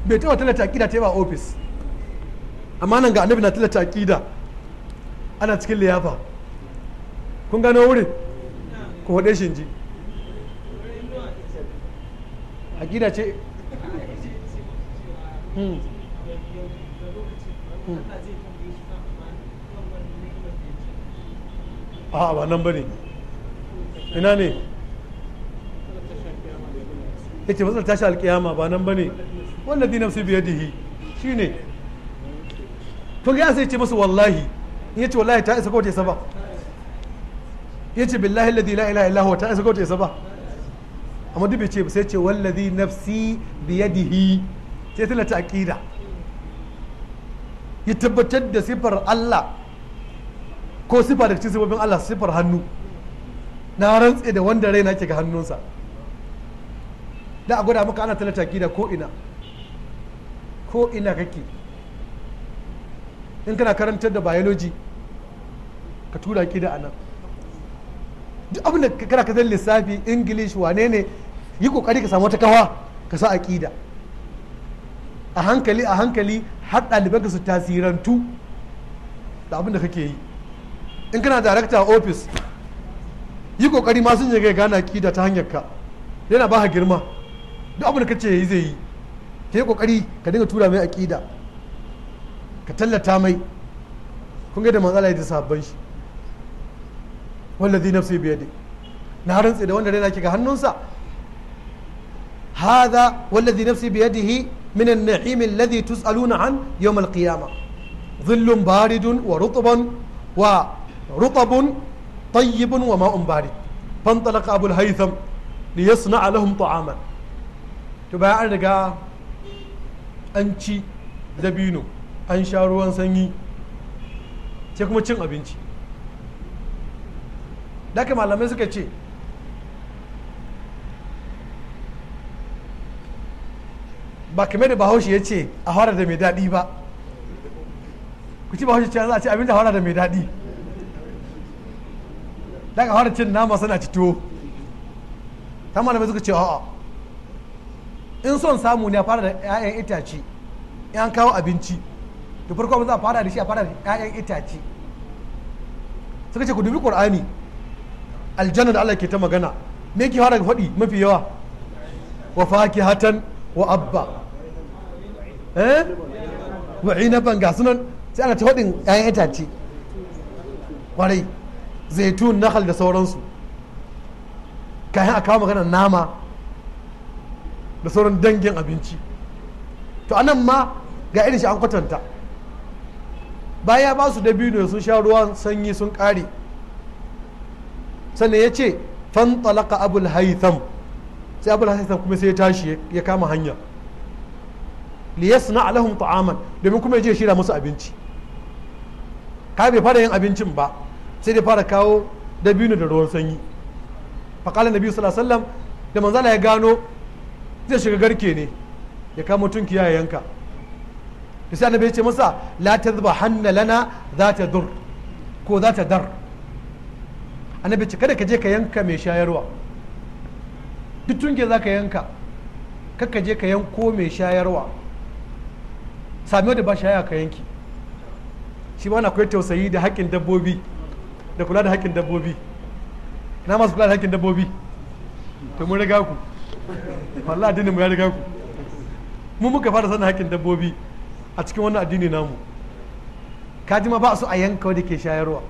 bai taba tallata aqida ta ba a ofis amma nan ga annabi na tallata aqida ana cikin liyafa kun gano wurin ko faɗe shi ji aqida ce hmm. hmm. a ba nan bane ina ne ita ce matsalar tashi alkiyama ba nan bane wannan wanda dinam su biyar dihi shi ne to ga sai ce masa wallahi in yace wallahi ta isa ko ta isa ba yace billahi alladhi la ilaha illa huwa ta isa ko ta isa ba amma duk bai ce sai ce wallazi nafsi biyadihi sai tana ta aqida ya tabbatar da sifar Allah ko sifa da cikin sifofin Allah sifar hannu na rantse da wanda raina ke ga hannunsa da a gwada maka ana ta aqida ko ina ko ina kake in kana karantar da biology ka tura ki da anan duk abin da kana kasar lissafi english wane ne yi kokari ka samu wata kawa ka sa aqida a hankali a hankali har ka su tasirantu da abin da kake yi in kana darakta office yi kokari ma sun ya gana aqida ta hanyar ka yana ba girma duk abin da kace yi zai yi ka kokari ka dinga tura mai aqida ka tallata mai kun ga da manzala da sabban shi wallazi nafsi biyadi na rantse da wanda raina ke ga hannunsa hadha wallazi nafsi biyadihi min an-na'im alladhi tus'aluna an yawm al qiyama. dhillun baridun wa rutban wa رطب طيب وماء بارد فانطلق أبو الهيثم ليصنع لهم طعاما تبا an ci دبينو an sha ruwan sanyi sai kuma cin abinci daga malamai suka ce ba kame da bahaushe ya ce a hara da mai daɗi ba ku ci bahaushe ce za a ce abin da hara da mai daɗi daga hara cin nama suna ci tuwo ta malamai suka ce a'a in son samu ne a fara da 'ya'yan itace 'yan kawo abinci da farko mun za a fara da shi a fara da 'ya'yan itace suka ce ku dubi qur'ani aljanna da Allah ke ta magana me yake fara faɗi mafi yawa wa fakihatan wa abba eh wa inaban ga sunan sai ana ta faɗin ƴaƴan itace kwarai zaitun nahal da sauransu kayan a kawo magana nama da sauran dangin abinci to anan ma ga irin shi an kwatanta baya ba su dabino sun sha ruwan sanyi sun kare sannan ya ce fantalaka abul haitham sai abul haitham kuma sai ya tashi ya kama hanya liyasna alahum ta'aman domin kuma ya je shirya musu abinci ka bai fara yin abincin ba sai dai fara kawo dabino da ruwan sanyi faƙalar nabi sallallahu alaihi da manzala ya gano zai shiga garke ne ya kama mutunki ya yanka to sai annabi ya ce masa la tadhbahanna lana za ta dur ko za ta dar annabi ce kada ka je ka yanka mai shayarwa duk tunge za ka yanka kaka je ka yanko mai shayarwa sami da ba shaya ka yanki shi ma na akwai tausayi da haƙƙin dabbobi da kula da haƙƙin dabbobi na masu kula da haƙƙin dabbobi to mun riga ku wallahi addinin mu ya riga ku mu muka fara sanin haƙƙin dabbobi a cikin wannan addini namu kajima ma ba su a yanka wanda ke shayarwa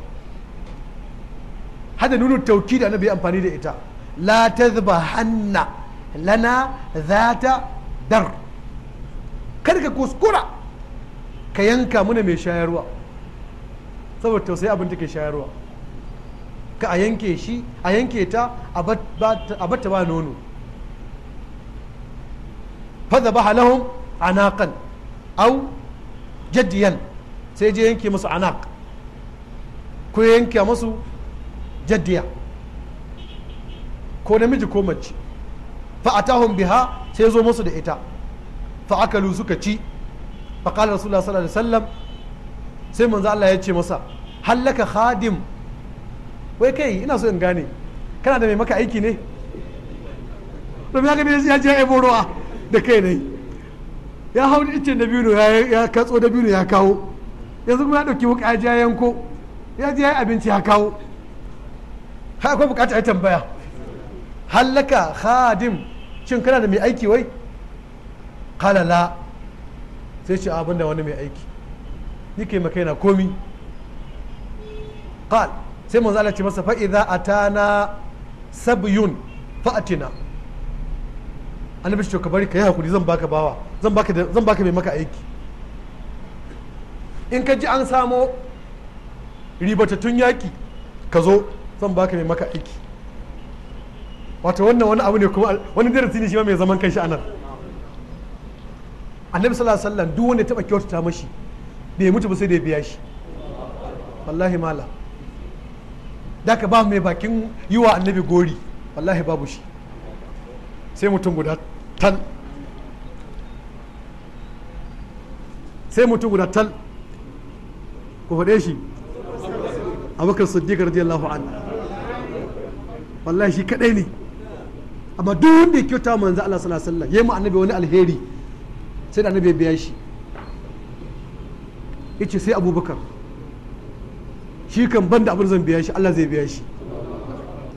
hada nuna tauki da annabi amfani da ita la hanna lana zata dar kada ka kuskura ka yanka mana mai shayarwa saboda tausayi abin take shayarwa ka a yanke shi a yanke ta a bata ba nono fadha ba halahum anaqan au jaddiyan sai je yanke musu anak ko yanke musu jaddiya ko namiji ko mace fa atahum biha sai zo musu da ita fa akalu suka ci fa qala rasulullah sallallahu alaihi wasallam sai manzo Allah ya ce masa hallaka khadim wai kai ina so in gane kana da mai maka aiki ne domin haka ne ya je ya ruwa da kai ne ya hau icen da biyu ya katso da biyu ya kawo yanzu kuma ya ɗauki wuka ya yanko ya ji ya abinci ya kawo ha akwai bukata ya tambaya hallaka khadim shin kana da mai aiki wai kala la sai ce abin da wani mai aiki ni ke maka yana komi qal sai mun Allah ce masa fa idza atana sabyun fa'atina annabi shi ka bari ka yi hakuri zan baka bawa zan baka mai maka aiki in ka ji an samo ribatattun yaƙi ka zo zan baka mai maka aiki wato wannan wani abu ne kuma wani darasi ne shi ma mai zaman kanshi anan annabi sallallahu alaihi wasallam duk wanda ya taba kyautata mashi da ya mutu ba sai da ya biya shi wallahi mala da ka ba mai bakin yi wa annabi gori wallahi babu shi sai mutum guda tan. sai mutum guda tal ku faɗe shi abubakar siddiq radiyallahu anhu wallahi shi kadai ne amma duk wanda ya kyauta manzo Allah sallallahu alaihi wasallam yayi mu annabi wani alheri sai da annabi biya shi yace sai abubakar shi kan ban da abin zan biya shi Allah zai biya shi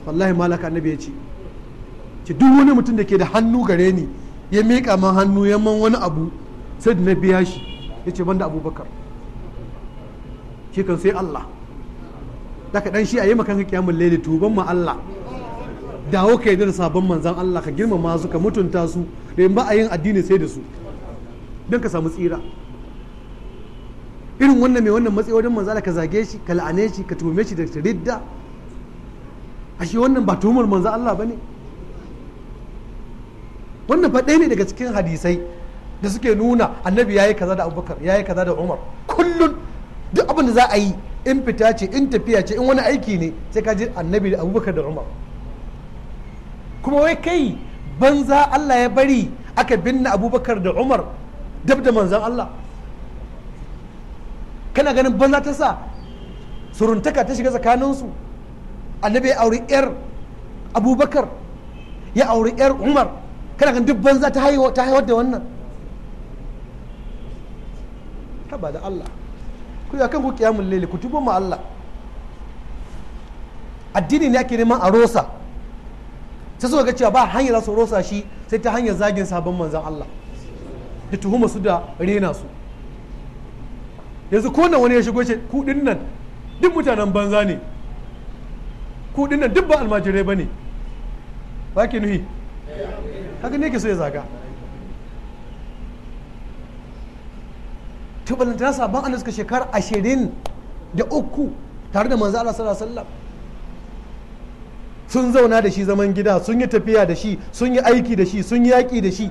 wallahi malaka annabi ya ce ce duk wani mutum da ke da hannu gare ni ya miƙa man hannu ya man wani abu sai da na biya shi ya ce banda abubakar shi kan sai Allah da ka dan shi a yi makan kiyamun laili tuban ma Allah dawo ka da sabon manzan Allah ka girmama su ka mutunta su da ba a yin addini sai da su don ka samu tsira irin wannan mai wannan matsayi wajen manzala ka zage shi ka la'ane shi ka tuhume shi da ridda ashe wannan ba tuhumar manzan Allah ba ne wannan faɗe ne daga cikin hadisai da suke nuna annabi ya yi kaza da abubakar ya yi kaza da umar kullum duk abin da za a yi in fita ce in tafiya ce in wani aiki ne sai ka ji annabi da abubakar da umar kuma wai kai banza allah ya bari aka binne abubakar da umar dab da manzan allah kana ganin banza ta sa suruntaka ta shiga tsakaninsu annabi ya auri yar abubakar ya auri yar umar kana ganin duk banza ta haihuwa da wannan haba da Allah ku ya kan ku kiyamul laili ku tubo mu Allah addini ne ake neman a rosa sai suka ga cewa ba hanyar su rosa shi sai ta hanyar zagin sabon manzan Allah da tuhuma su da rena su yanzu ko nan wani ya shigo ce ku nan duk mutanen banza ne ku nan duk ba almajirai ba ne ba ke nuhi haka ne ke so ya zaga ta balanta nasa ban annabi suka shekara ashirin da uku tare da manzo Allah sallallahu alaihi wasallam sun zauna da shi zaman gida sun yi tafiya da shi sun yi aiki da shi sun yi yaƙi da shi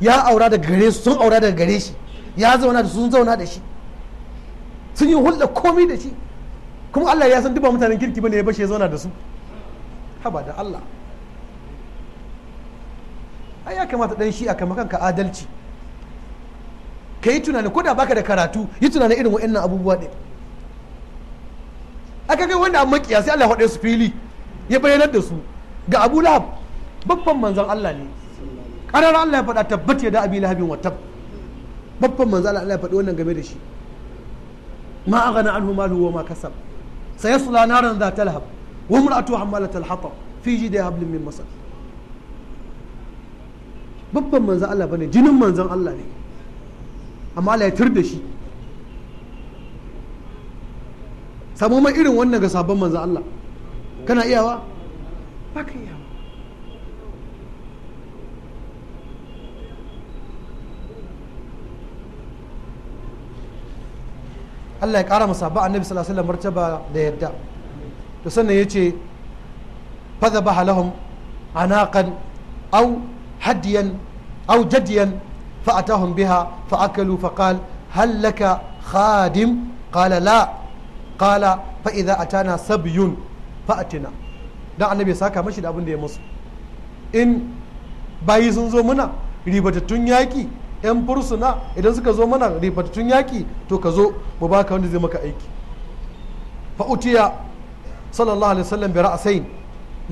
ya aura daga gare su sun aura daga gare shi ya zauna da sun zauna da shi sun yi hulɗa komi da shi kuma Allah ya san duba mutanen kirki bane ya bashe ya zauna da su haba da Allah ai ya kamata dan shi a kama kanka adalci ka yi tunani ko da baka da karatu yi tunani irin wa'annan abubuwa ɗin aka kai wanda an makiya sai Allah ya su fili ya bayyanar da su ga Abu Lahab babban manzon Allah ne karar Allah ya faɗa tabbat ya da abi lahabin wa tab babban manzon Allah ya faɗi wannan game da shi ma aghana anhu maluhu wa ma kasab sayasla naran za ta lahab wa imra'atu hammalatal hatab fi jidha hablum min masad babban manzon Allah bane jinin manzon Allah ne amma Allah ya tur da shi samu mai irin wannan ga sabon manzo Allah kana iyawa ba ka iyawa Allah ya kara masa ba annabi sallallahu alaihi wasallam martaba da yadda to sannan yace fadhabaha lahum anaqan aw hadiyan aw jadiyan فأتاهم بها فأكلوا فقال هل لك خادم قال لا قال فإذا أتانا سبي فأتنا dan annabi ya saka mashi da abin ya musu in bayi sun zo mana 'yan fursuna idan suka zo mana ribatattun yaƙi to ka zo mu baka wanda zai maka aiki fa'utiya sallallahu alaihi wasallam bi ra'sain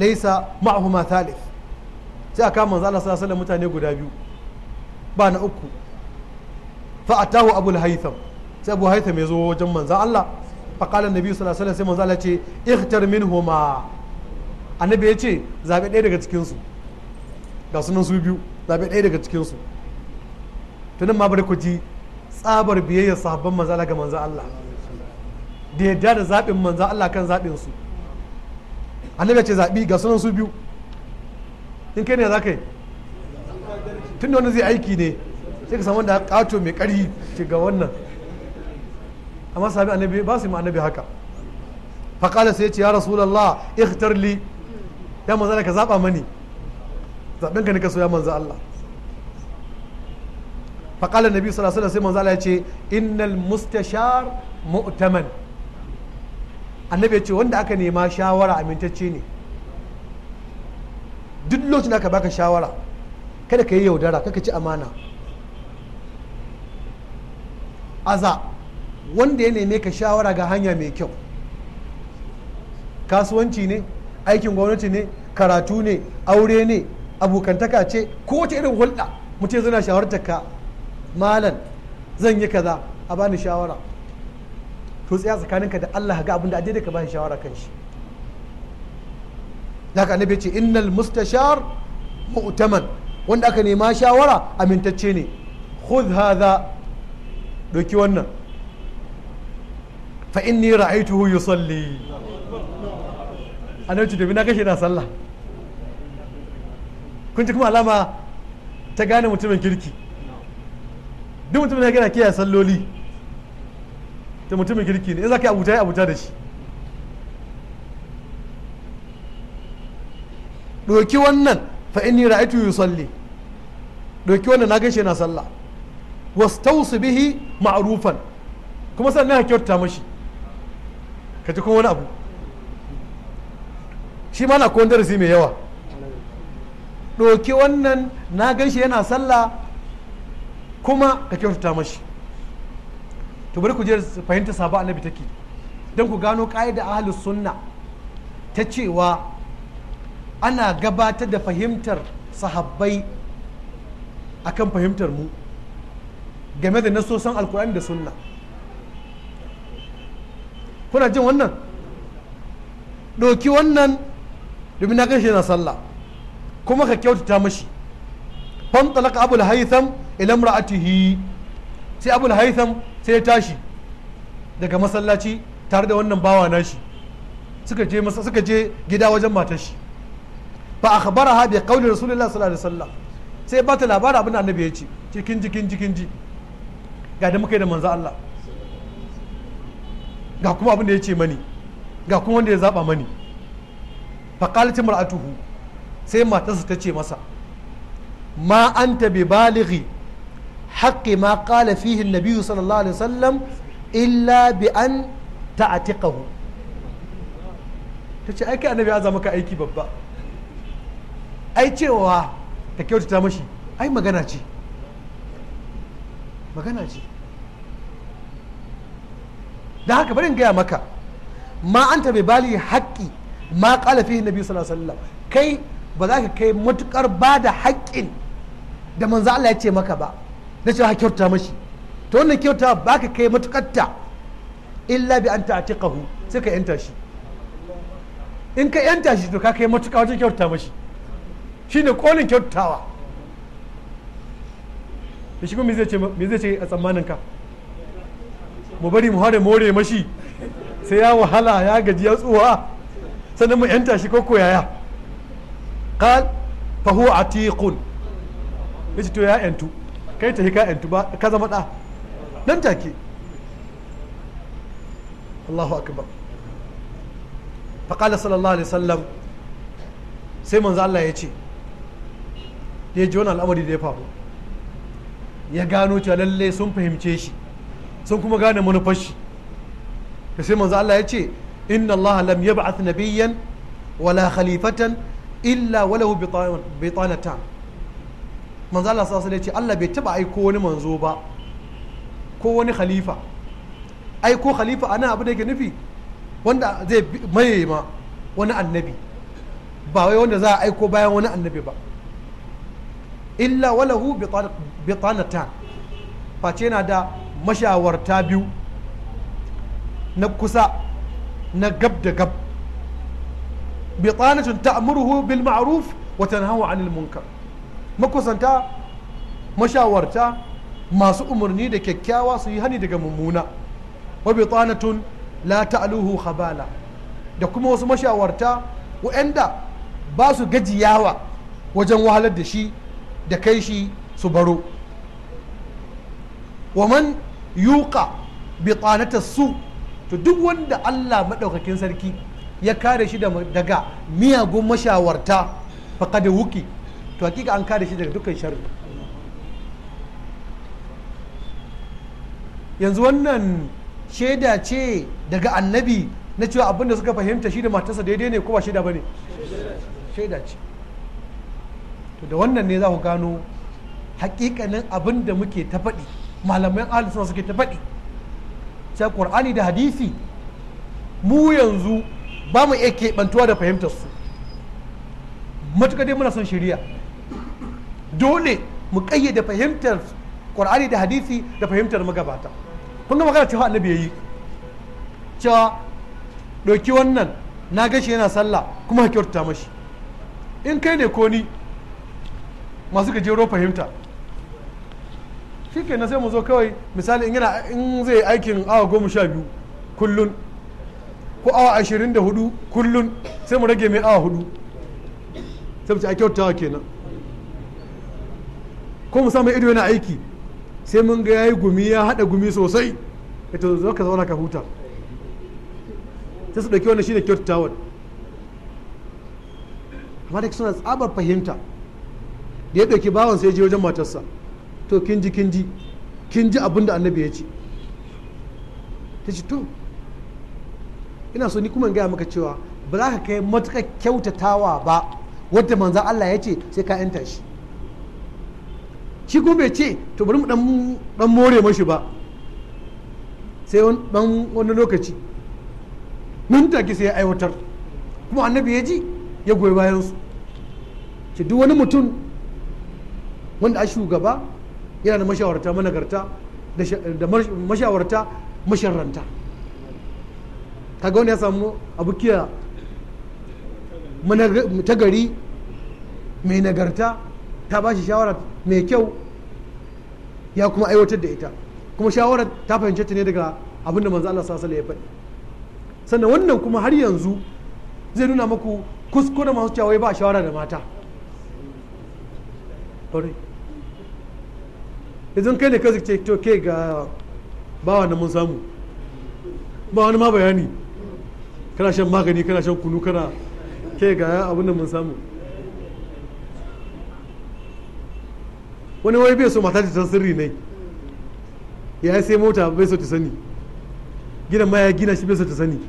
laysa ma'ahuma thalith sai aka manzo Allah sallallahu alaihi wasallam mutane guda biyu ba na uku fa tahu abul haitham sai abu haitham ya zo wajen manzan Allah fa na biyu sallallahu alaihi sai manzan Allah ce ikhtar minhuma annabi ya ce zaɓe ɗaya daga cikinsu ga sunan su biyu zaɓe ɗaya daga cikinsu tunan ma bari ku ji tsabar biyayyar sahabban manzan Allah ga manzan Allah da yadda da zaɓin manzan Allah kan zaɓin su annabi ya ce zaɓi ga sunan su biyu in kai ne za ka yi tun da wanda zai aiki ne sai ka samu wanda kato mai ƙarfi shiga wannan amma sahabi annabi ba su yi annabi haka faƙala sai ce ya rasulallah ikhtar li ya manzana ka zaɓa mani zaɓen ka ne ka so ya manza Allah faƙala nabi sallallahu alaihi sai manza Allah ya ce innal mustashar mu'taman annabi ya ce wanda aka nema shawara amintacce ne duk lokacin da aka baka shawara kada ka yi yaudara kaka ci amana aza wanda ya neme ka shawara ga hanya mai kyau kasuwanci ne aikin gwamnati ne karatu ne aure ne abokantaka ce ko wata irin hulɗa mutum zana shawartar ka malam zan yi kaza a bani shawara to tsaya tsakaninka da Allah ga abin da da ka bani shawara kan shi haka na ce innal mustashar mu'taman wanda aka nema shawara amintacce ne khudh hadha doki wannan fa inni ra'aytuhu yusalli annabi da na kashe na sallah kun ji kuma alama ta gane mutumin kirki duk mutumin da yana kiyaye salloli ta mutumin kirki ne in za ka yi abuta yi abuta da shi Doki wannan fa inni ra'aytu yusalli doki wannan na gaishe na sallah wastawsi bihi ma'rufan kuma sannan ka ta mashi ka ji kuma wani abu shi ma na kowane darasi mai yawa doki wannan na gaishe yana sallah kuma ka kyautata mashi to bari ku je fahimta sabo annabi take don ku gano ƙa'ida ahlus sunna ta cewa ana gabatar da fahimtar sahabbai akan fahimtar mu game da nasosan alkur'ani da sunna kuna jin wannan ɗauki wannan domin na gashi na sallah kuma ka kyautata mashi fantalaka abul haitham ila ra'atihi sai abul haitham sai ya tashi daga masallaci tare da wannan bawa nashi suka je suka je gida wajen matashi. shi fa akhbaraha bi qawli rasulillah sallallahu alaihi wasallam sai ba ta labarin abin da annabi ya ce cikin jikin jikin ji ga da muka yi da manzo Allah ga kuma abin da ya ce mani ga kuma wanda ya zaba mani fa qalat imra'atuhu sai matarsa ta ce masa ma anta bi balighi haqqi ma qala fihi an sallallahu alaihi wasallam illa bi an ta'tiqahu ce ai kai annabi ya zama ka aiki babba ai cewa ta kyautata mashi ai magana ce magana ce da haka barin gaya maka ma an bai bali haƙƙi ma ƙala fi nabi sallallahu alaihi wasallam kai ba za ka kai matukar ba da haƙƙin da manzo Allah ya ce maka ba na cewa kyauta mashi to wannan kyauta ba ka kai matukar ta illa bi an ta'tiqahu sai ka yanta shi in ka yanta shi to ka kai matuƙar wajen kyauta mashi shine kolin kyautatawa da shi kuma me zai ce a tsammanin ka mu bari mu hada more mashi sai ya wahala ya gaji ya tsuwa sannan mu yanta shi koko yaya qal fa huwa atiqun yace to ya yantu kai ta hika yantu ba ka zama da nan take Allahu akbar fa qala sallallahu alaihi wasallam sai manzo Allah ya ce da ya ji wani al'amari da ya faru ya gano cewa lallai sun fahimce shi sun kuma gane manufar shi da sai manzo Allah ya ce inna Allah lam yab'ath nabiyyan wala khalifatan illa walahu bitanatan manzo Allah sallallahu alaihi ya ce Allah bai taba aiko wani manzo ba ko wani khalifa aiko khalifa ana abu da yake nufi wanda zai mayema wani annabi ba wai wanda za a aiko bayan wani annabi ba illa walahu bitanatan face na da mashawarta biyu na kusa na gab da gab bitanatun ta'muruhu bil ma'ruf wa tanhawa 'anil munkar makusanta mashawarta masu umarni da kyakkyawa su yi hani daga mummuna wa bitanatun la ta'luhu khabala da kuma wasu mashawarta wa'anda ba su gajiyawa wajen wahalar da shi da kai shi su baro wa man bitanata su to duk wanda Allah maɗaukakin sarki ya kare shi daga miyagun mashawarta da wuki to hakika an kare shi daga dukkan sharri yanzu wannan shaida ce daga annabi na cewa abinda suka fahimta shi da matarsa daidai ne ko ba shaida ba ne shaida ce da wannan ne za ku gano hakikanin abin da muke ta faɗi malamai ahli suna suke ta faɗi sai qur'ani da hadisi mu yanzu ba mu iya keɓantuwa da fahimtar su matuƙa dai muna son shari'a dole mu ƙayyade fahimtar ƙur'ani da hadisi da fahimtar magabata kun ga magana cewa annabi yi cewa ɗauki wannan na gashi yana sallah kuma ka kyautata mashi in kai ne ko ni masu gajero fahimta shi ke na sai mu zo kawai misali in zai aikin awa goma sha biyu kullun ko awa ashirin da hudu kullun sai mu rage mai awa hudu sai mu ci a kyautawa kenan ko mu samu ido yana aiki sai mun ga yayi gumi ya haɗa gumi sosai ita zo ka zauna ka huta sai su ɗauki wannan shine kyautawa amma da suna tsabar fahimta da ya ɗauki bawan sai je wajen matarsa to kin ji kin ji kin ji abin annabi ya ce ta ce to ina so ni kuma gaya maka cewa ba za ka kai matuƙa kyautatawa ba wadda manzan Allah ya ce sai ka yanta shi shi kuma bai ce to bari mu dan more mashi ba sai dan wani lokaci nan take sai ya aiwatar kuma annabi ya ji ya goyi bayansu ce duk wani mutum wanda a shugaba yana da mashawarta managarta da mashawarta masharranta kaga wani ya samu abukiya ta gari mai nagarta ta ba shi shawara mai kyau ya kuma aiwatar da ita kuma shawarar ta fahimce ta ne daga abinda manzo Allah sallallahu alaihi ya faɗi sannan wannan kuma har yanzu zai nuna maku kuskure masu cewa ba shawara da mata idan kai ne ka ce to ke ga ba na mun samu ba wani ma bayani kana shan magani kana shan kunu kana ke ga abin da mun samu wani wai bai so mata ta sirri ne ya yi sai mota bai so ta sani gidan ma ya gina shi bai so ta sani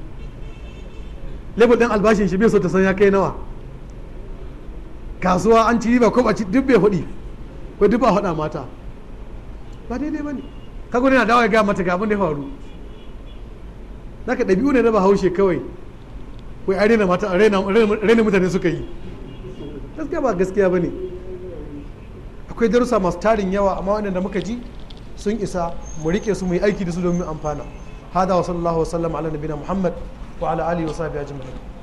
lebur ɗin albashin shi bai so ta sani ya kai nawa kasuwa an ci riba ko ba duk bai hudi ko duk ba faɗa mata ba daidai ba ne yana dawa ya gaya mata ga abin da ya faru ka ɗabi'u ne na bahaushe kawai wai an rena mata rena mutane suka yi gaskiya ba gaskiya ba ne akwai darussa masu tarin yawa amma waɗanda muka ji sun isa mu rike su mu yi aiki da su domin amfana hada wa sallallahu wa sallam ala nabina muhammad wa ala alihi wa sahbihi ajma'in